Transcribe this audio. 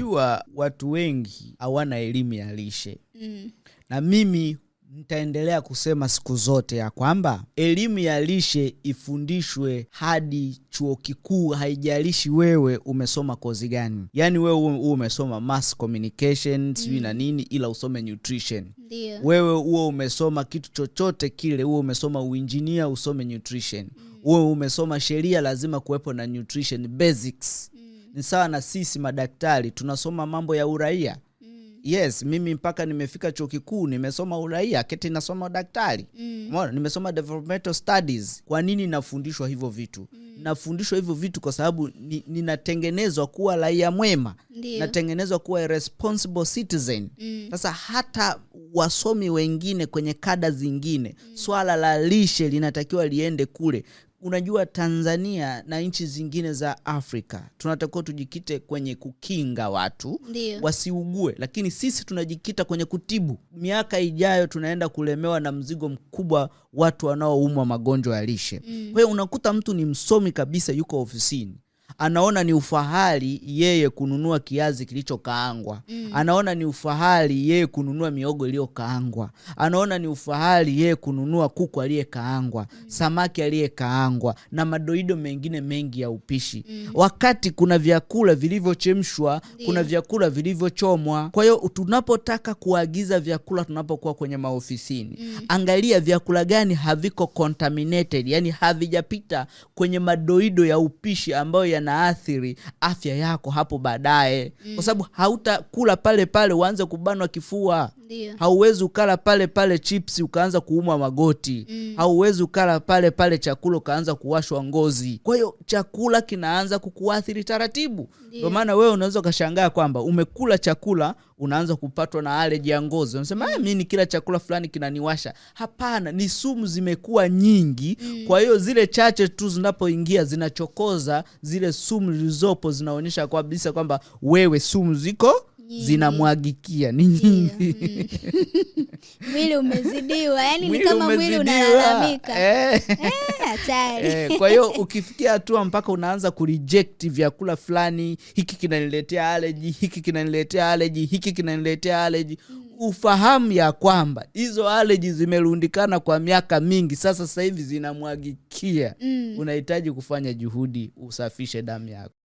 Unajua watu wengi hawana elimu ya lishe mm. na mimi nitaendelea kusema siku zote ya kwamba elimu ya lishe ifundishwe hadi chuo kikuu, haijalishi wewe umesoma kozi gani. Yaani wewe huu umesoma mass communication sijui mm. na nini, ila usome nutrition Dio. Wewe huo umesoma kitu chochote kile, huo umesoma uinjinia, usome nutrition mm. umesoma sheria, lazima kuwepo na nutrition basics mm ni sawa na sisi madaktari tunasoma mambo ya uraia mm. Yes, mimi mpaka nimefika chuo kikuu nimesoma uraia keti nasoma daktari mm. nimesoma developmental studies. Kwa nini nafundishwa hivyo vitu mm. nafundishwa hivyo vitu kwa sababu ninatengenezwa ni kuwa raia mwema natengenezwa kuwa responsible citizen mm. sasa mm. hata wasomi wengine kwenye kada zingine mm. swala la lishe linatakiwa liende kule unajua Tanzania na nchi zingine za Afrika tunatakiwa tujikite kwenye kukinga watu Ndiyo. wasiugue, lakini sisi tunajikita kwenye kutibu. Miaka ijayo tunaenda kulemewa na mzigo mkubwa watu wanaoumwa magonjwa ya lishe mm. Kwa hiyo unakuta mtu ni msomi kabisa, yuko ofisini anaona ni ufahari yeye kununua kiazi kilichokaangwa mm. Anaona ni ufahari yeye kununua miogo iliyokaangwa, anaona ni ufahari yeye kununua kuku aliyekaangwa mm. Samaki aliyekaangwa na madoido mengine mengi ya upishi mm. Wakati kuna vyakula vilivyochemshwa yeah. Kuna vyakula vilivyochomwa. Kwa hiyo tunapotaka kuagiza vyakula tunapokuwa kwenye maofisini mm. Angalia vyakula gani haviko contaminated, yani havijapita kwenye madoido ya upishi ambayo yana yanaathiri afya yako hapo baadaye mm. kwa sababu hautakula pale pale uanze kubanwa kifua hauwezi ukala pale pale chips ukaanza kuumwa magoti mm. hauwezi ukala pale pale chakula ukaanza kuwashwa ngozi. Kwa hiyo chakula kinaanza kukuathiri taratibu, ndio maana wewe unaweza ukashangaa kwamba umekula chakula unaanza kupatwa na aleji ya ngozi, unasema ah, mm. mi ni kila chakula fulani kinaniwasha. Hapana, ni sumu zimekuwa nyingi mm. kwa hiyo zile chache tu zinapoingia zinachokoza zile sumu zilizopo, zinaonyesha kabisa kwamba wewe sumu ziko zinamwagikia ni nyingi mm. mwili umezidiwa, yani ni kama mwili unalalamika. Eh. Eh, eh, kwa hiyo ukifikia hatua mpaka unaanza kurijekti vyakula fulani, hiki kinaniletea aleji, hiki kinaniletea aleji, hiki kinaniletea aleji mm. Ufahamu ya kwamba hizo aleji zimerundikana kwa miaka mingi, sasa sasa hivi zinamwagikia mm. Unahitaji kufanya juhudi usafishe damu yako.